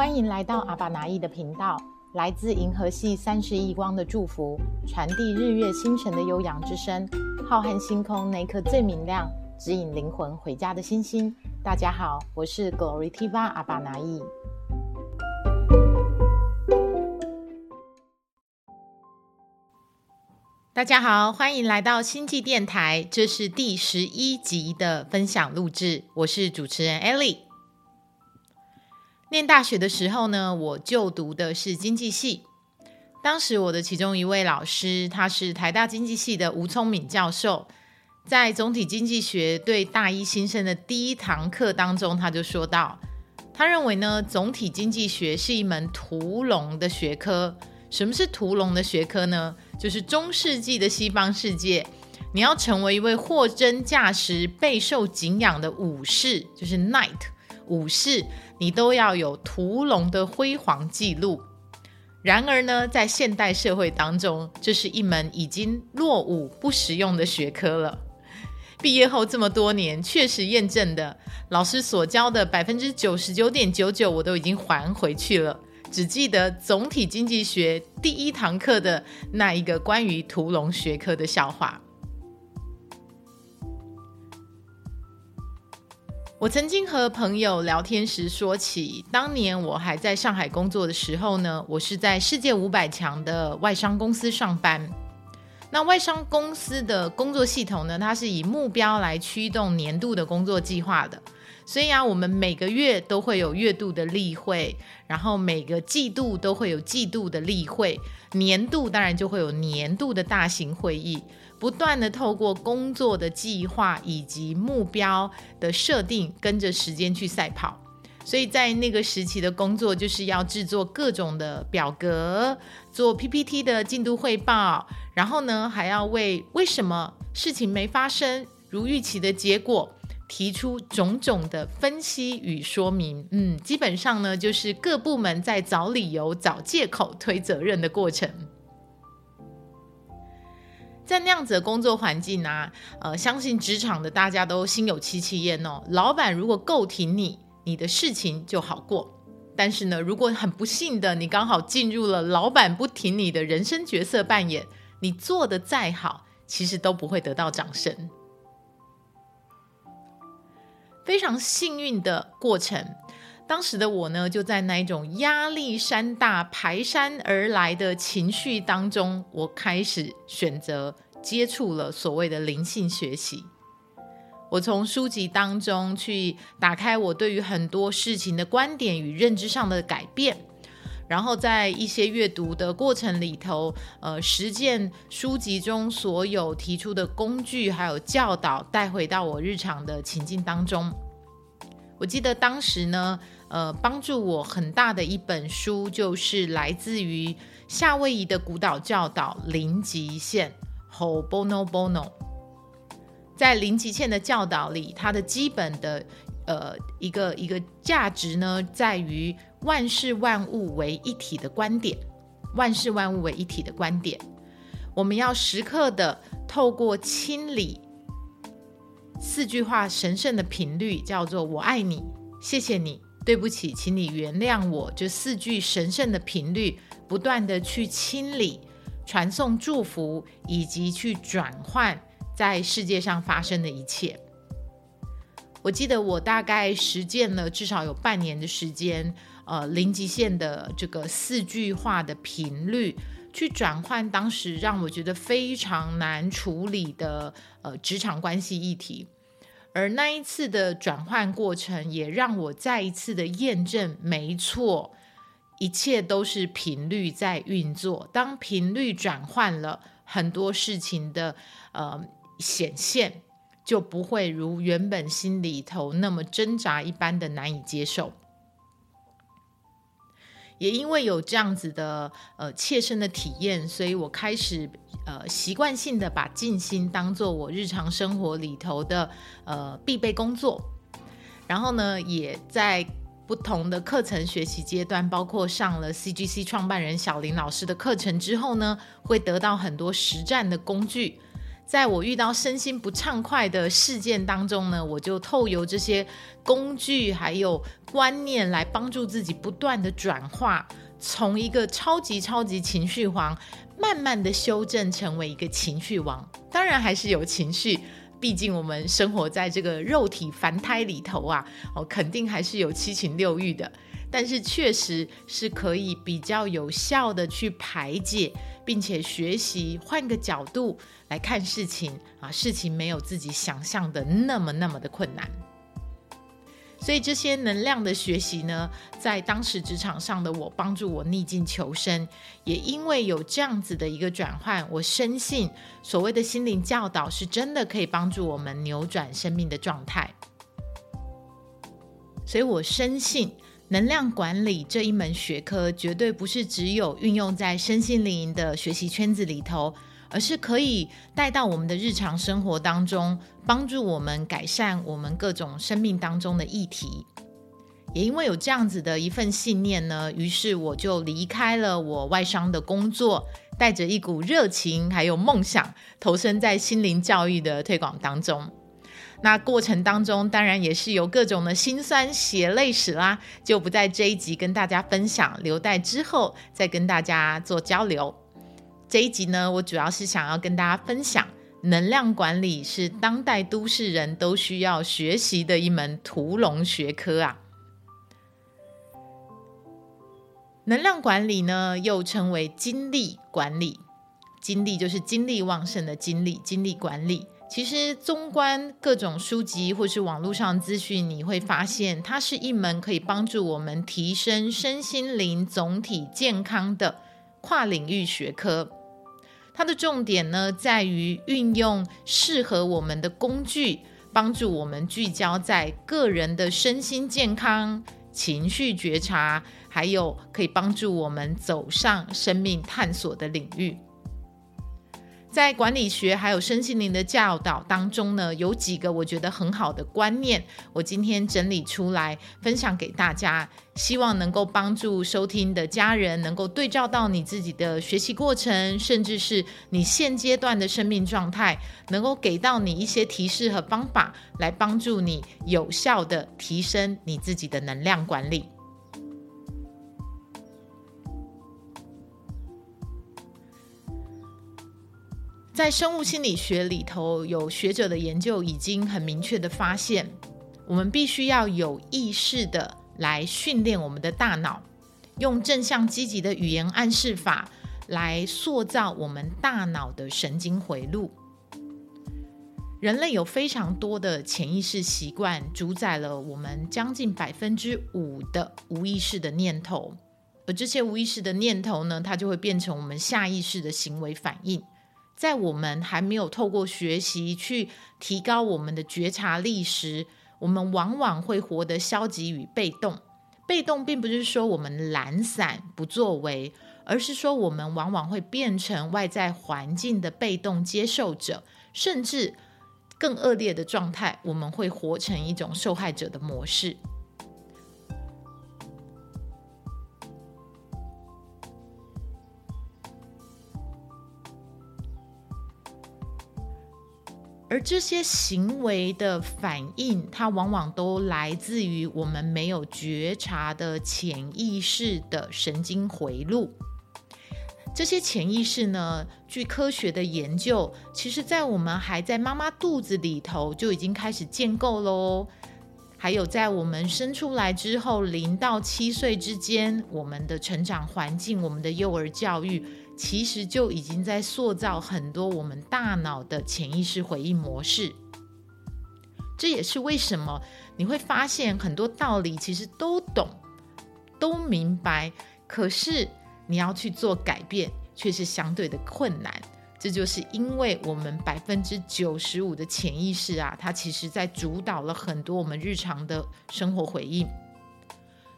歡迎來到阿巴拿意的頻道，來自銀河系三十億光的祝福，傳遞日月星辰的悠揚之聲。浩瀚星空那顆最明亮，指引靈魂回家的星星。大家好，我是 Glory Tiva 阿巴拿意。大家好，歡迎來到星際電台，這是第十一集的分享錄製，我是主持人 Ellie。念大學的時候呢，我就讀的是經濟系。當時我的其中一位老師，他是台大經濟系的吳聰敏教授，在總體經濟學對大一新生的第一堂課當中，他就說到，他認為呢，總體經濟學是一門屠龍的學科。什麼是屠龍的學科呢？就是中世紀的西方世界，你要成為一位貨真價實、備受敬仰的武士，就是 Knight。武士，你都要有屠龍的輝煌記錄。然而呢，在現代社會當中，這是一門已經落伍、不實用的學科了。畢業後這麼多年，確實驗證的，老師所教的百分之九十九點九九，我都已經還回去了。只記得總體經濟學第一堂課的那一個關於屠龍學科的笑話。我曾經和朋友聊天時說起，當年我還在上海工作的時候呢，我是在世界五百強的外商公司上班。那外商公司的工作系統呢，它是以目標來驅動年度的工作計劃的，所以啊，我們每個月都會有月度的例會，然後每個季度都會有季度的例會，年度當然就會有年度的大型會議。不斷地透過工作的計劃以及目標的設定，跟着時間去賽跑。所以在那個時期的工作，就是要制作各種的表格，做 PPT 的進度匯報，然後呢，還要為為什麼事情沒發生如預期的結果，提出種種的分析與說明。嗯，基本上呢，就是各部門在找理由、找借口、推責任的過程。在那樣子的工作環境呢、啊，呃，相信職場的大家都心有戚戚焉哦。老闆如果夠挺你，你的事情就好過；但是呢，如果很不幸的你剛好進入了老闆不挺你的人生角色扮演，你做得再好，其實都不會得到掌聲。非常幸運的過程。當時的我呢，就在那一種壓力山大、排山而來的情緒當中，我開始選擇接觸了所謂的靈性學習。我從書籍當中去打開我對於很多事情的觀點與認知上的改變，然後在一些閱讀的過程裡頭，呃，實踐書籍中所有提出的工具還有教導，帶回到我日常的情境當中。我記得當時呢，呃，幫助我很大的一本書就是來自於夏威夷的古島教導《零極限》，Ho'oponopono。在《零極限》的教導裡，它的基本的呃一個一個價值呢，在於萬事萬物為一體的觀點，萬事萬物為一體的觀點，我們要時刻的透過清理。四句話神聖的頻率叫做“我愛你，謝謝你，對不起，請你原諒我”。這四句神聖的頻率，不斷地去清理、傳送祝福以及去轉換在世界上發生的一切。我記得我大概實踐了至少有半年的時間，呃，零極限的這個四句話的頻率。去轉換當時讓我覺得非常難處理的呃職場關係議題，而那一次的轉換過程也讓我再一次的驗證，沒錯，一切都是頻率在運作。當頻率轉換了，很多事情的呃顯現就不會如原本心裡頭那麼掙扎一般的難以接受。也因為有這樣子的呃切身的體驗，所以我開始呃習慣性的把靜心當做我日常生活裡頭的呃必備工作。然後呢，也在不同的課程學習階段，包括上了 CGC 創辦人小林老師的課程之後呢，會得到很多實戰的工具。在我遇到身心不暢快的事件當中呢，我就透由這些工具還有觀念來幫助自己不斷的轉化，從一個超級超級情緒王慢慢的修正成為一個情緒王。當然還是有情緒，畢竟我們生活在這個肉體凡胎裡頭啊，哦，肯定還是有七情六欲的，但是確實是可以比較有效的去排解。並且學習換個角度來看事情啊，事情沒有自己想象的那麼那麼的困難。所以這些能量的學習呢，在當時職場上的我幫助我逆境求生，也因為有這樣子的一個轉換，我深信所謂的心靈教導是真的可以幫助我們扭轉生命的狀態。所以我深信。能量管理這一門學科，絕對不是只有運用在身心靈的學習圈子裡頭，而是可以帶到我們的日常生活當中，幫助我們改善我們各種生命當中的議題。也因為有這樣子的一份信念呢，於是我就離開了我外商的工作，帶着一股熱情還有夢想，投身在心靈教育的推廣當中。那過程當中，當然也是有各種的心酸、血淚史啦，就不在這一集跟大家分享，留待之後再跟大家做交流。這一集呢，我主要是想要跟大家分享，能量管理是當代都市人都需要學習的一門屠龍學科啊。能量管理呢，又稱為精力管理，精力就是精力旺盛的精力，精力管理。其實，綜觀各種書籍或是網絡上資訊，你會發現，它是一門可以幫助我們提升身心靈總體健康的跨領域學科。它的重點呢，在於運用適合我們的工具，幫助我們聚焦在個人的身心健康、情緒覺察，還有可以幫助我們走上生命探索的領域。在管理學還有身心靈的教導當中呢，有幾個我覺得很好的觀念，我今天整理出來分享給大家，希望能夠幫助收聽的家人能夠對照到你自己的學習過程，甚至是你現階段的生命狀態，能夠給到你一些提示和方法，來幫助你有效地提升你自己的能量管理。在生物心理學裡頭，有學者的研究已經很明確的發現，我們必須要有意識的來訓練我們的大腦，用正向積極的語言暗示法來塑造我們大腦的神經回路。人類有非常多的潛意識習慣，主宰了我們將近百分之九十五的無意識的念頭，而這些無意識的念頭呢，它就會變成我們下意識的行為反應。在我們還沒有透過學習去提高我們的覺察力時，我們往往會活得消極與被動。被動並不是說我們懶散不作為，而是說我們往往會變成外在環境的被動接受者，甚至更惡劣的狀態，我們會活成一種受害者的模式。而這些行為的反應，它往往都來自於我們沒有覺察的潛意識的神經回路。這些潛意識呢，據科學的研究，其實在我們還在媽媽肚子裡頭就已經開始建構嘍。還有在我們生出來之後，零到七歲之間，我們的成長環境，我們的幼兒教育，其實就已經在塑造很多我們大腦的潛意識回應模式。這也是為什麼你會發現很多道理其實都懂、都明白，可是你要去做改變卻是相對的困難。這就是因為我們百分之九十五的潛意識啊，它其實在主導了很多我們日常的生活回應。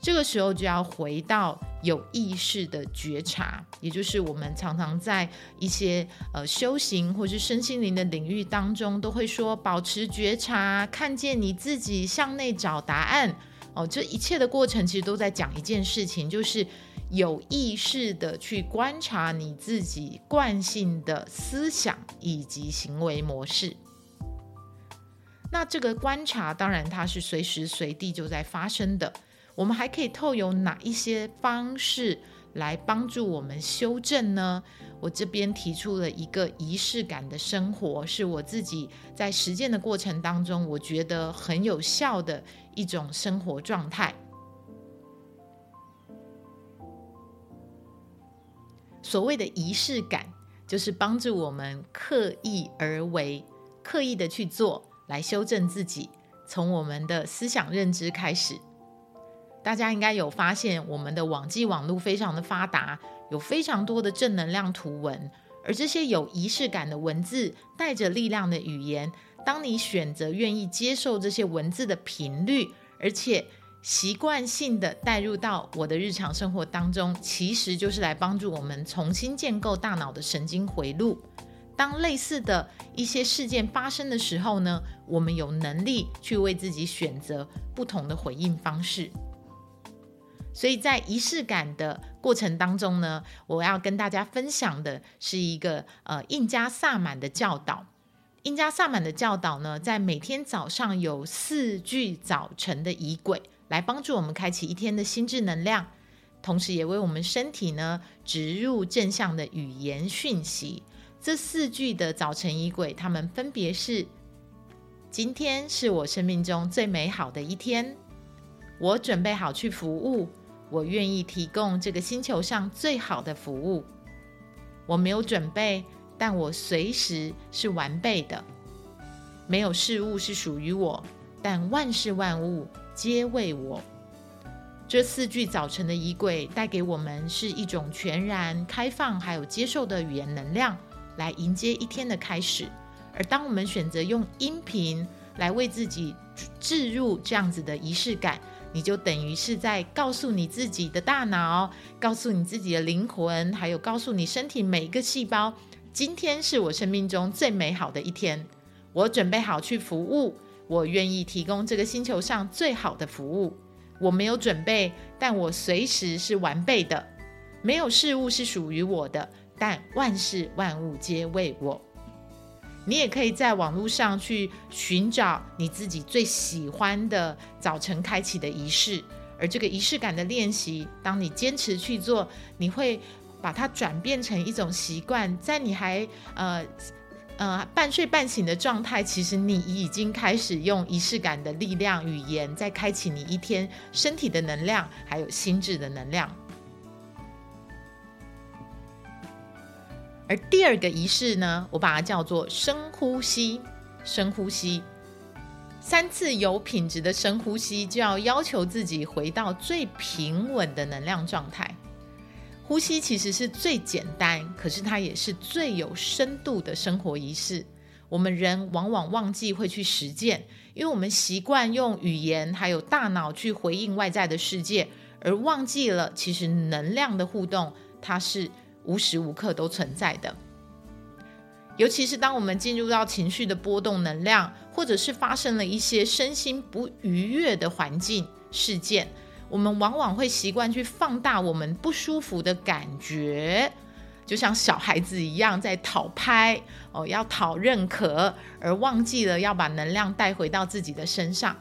這個時候就要回到有意識的覺察，也就是我們常常在一些呃修行或是身心靈的領域當中都會說保持覺察，看見你自己向內找答案。哦、呃，這一切的過程其實都在講一件事情，就是有意識的去觀察你自己慣性的思想以及行為模式。那這個觀察當然它是隨時隨地就在發生的。我們還可以透過哪一些方式來幫助我們修正呢？我這邊提出了一個儀式感的生活，是我自己在實踐的過程當中，我覺得很有效的一種生活狀態。所謂的儀式感，就是幫助我們刻意而為，刻意的去做，來修正自己，從我們的思想認知開始。大家應該有發現，我們的網際網絡非常的發達，有非常多的正能量圖文，而這些有儀式感的文字，帶着力量的語言，當你選擇願意接受這些文字的頻率，而且習慣性的帶入到我的日常生活當中，其實就是來幫助我們重新建構大腦的神經回路。當類似的一些事件發生的時候呢，我們有能力去為自己選擇不同的回應方式。所以在儀式感的過程當中呢，我要跟大家分享的是一個呃印加薩滿的教導。印加薩滿的教導呢，在每天早上有四句早晨的儀軌，來幫助我們開啟一天的心智能量，同時也為我們身體呢植入正向的語言訊息。這四句的早晨儀軌，它們分別是：今天是我生命中最美好的一天，我準備好去服務。我願意提供這個星球上最好的服務。我沒有準備，但我隨時是完備的。沒有事物是屬於我，但萬事萬物皆為我。這四句早晨的儀軌帶給我們是一種全然開放還有接受的語言能量，來迎接一天的開始。而當我們選擇用音頻來為自己置入這樣子的儀式感。你就等於是在告訴你自己的大腦，告訴你自己的靈魂，還有告訴你身體每一個細胞，今天是我生命中最美好的一天。我準備好去服務，我願意提供這個星球上最好的服務。我沒有準備，但我隨時是完備的。沒有事物是屬於我的，但萬事萬物皆為我。你也可以在網路上去尋找你自己最喜歡的早晨開啟的儀式，而這個儀式感的練習，當你堅持去做，你會把它轉變成一種習慣。在你還呃呃半睡半醒的狀態，其實你已經開始用儀式感的力量、語言，在開啟你一天身體的能量，還有心智的能量。而第二個儀式呢，我把它叫做深呼吸，深呼吸三次有品質的深呼吸，就要要求自己回到最平穩的能量狀態。呼吸其實是最簡單，可是它也是最有深度的生活儀式。我們人往往忘記會去實踐，因為我們習慣用語言還有大腦去回應外在的世界，而忘記了其實能量的互動，它是。無時無刻都存在的，尤其是當我們進入到情緒的波動、能量，或者是發生了一些身心不愉悅的環境事件，我們往往會習慣去放大我們不舒服的感覺，就像小孩子一樣在討拍哦，要討認可，而忘記了要把能量帶回到自己的身上。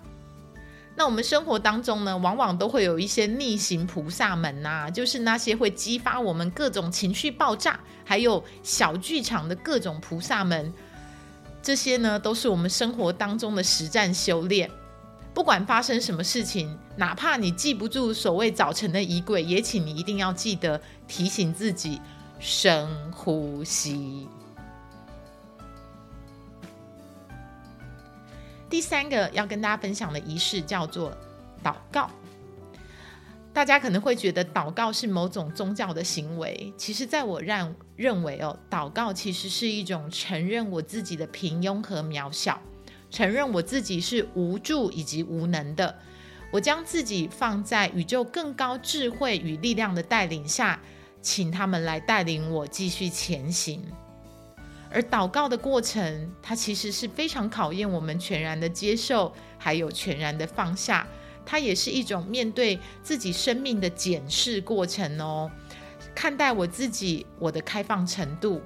那我們生活當中呢，往往都會有一些逆行菩薩們吶、啊，就是那些會激發我們各種情緒爆炸，還有小劇場的各種菩薩們，這些呢都是我們生活當中的實戰修煉。不管發生什麼事情，哪怕你記不住所謂早晨的衣櫃，也請你一定要記得提醒自己深呼吸。第三個要跟大家分享的儀式叫做禱告。大家可能會覺得禱告是某種宗教的行為，其實，在我認認為哦，禱告其實是一種承認我自己的平庸和渺小，承認我自己是無助以及無能的。我將自己放在宇宙更高智慧與力量的帶領下，請他們來帶領我繼續前行。而禱告的過程，它其實是非常考驗我們全然的接受，還有全然的放下。它也是一種面對自己生命的檢視過程哦，看待我自己我的開放程度，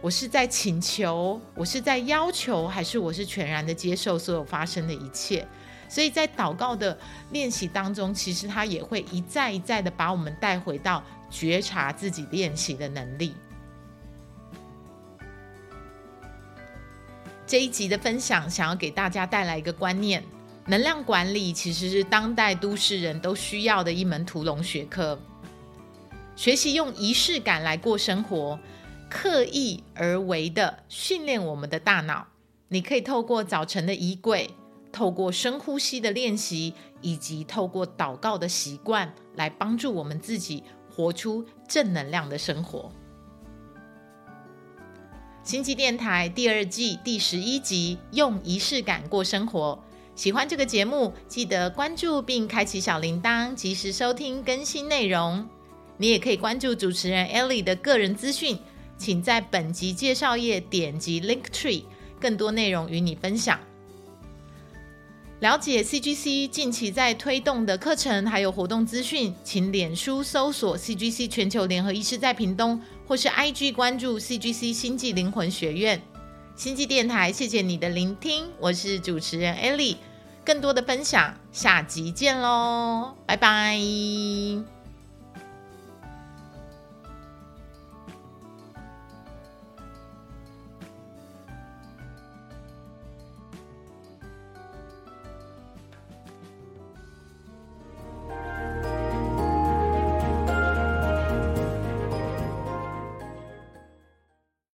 我是在請求，我是在要求，還是我是全然的接受所有發生的一切？所以在禱告的練習當中，其實它也會一再一再的把我們帶回到覺察自己練習的能力。這一集的分享，想要給大家帶來一個觀念：能量管理其實是當代都市人都需要的一門屠龍學科。學習用儀式感來過生活，刻意而為的訓練我們的大腦。你可以透過早晨的衣櫃，透過深呼吸的練習，以及透過禱告的習慣，來幫助我們自己活出正能量的生活。星際電台第二季第十一集，用儀式感過生活。喜歡這個節目，記得關注並開啟小鈴鐺，及時收聽更新內容。你也可以關注主持人 Ellie 的個人資訊，請在本集介紹頁點擊 Link Tree，更多內容與你分享。了解 CGC 近期在推動的課程還有活動資訊，請臉書搜索 CGC 全球聯合意識在屏東。或是 IG 關注 CGC 星際靈魂學院、星際電台，謝謝你的聆聽，我是主持人艾莉，更多的分享下集見嘍，拜拜。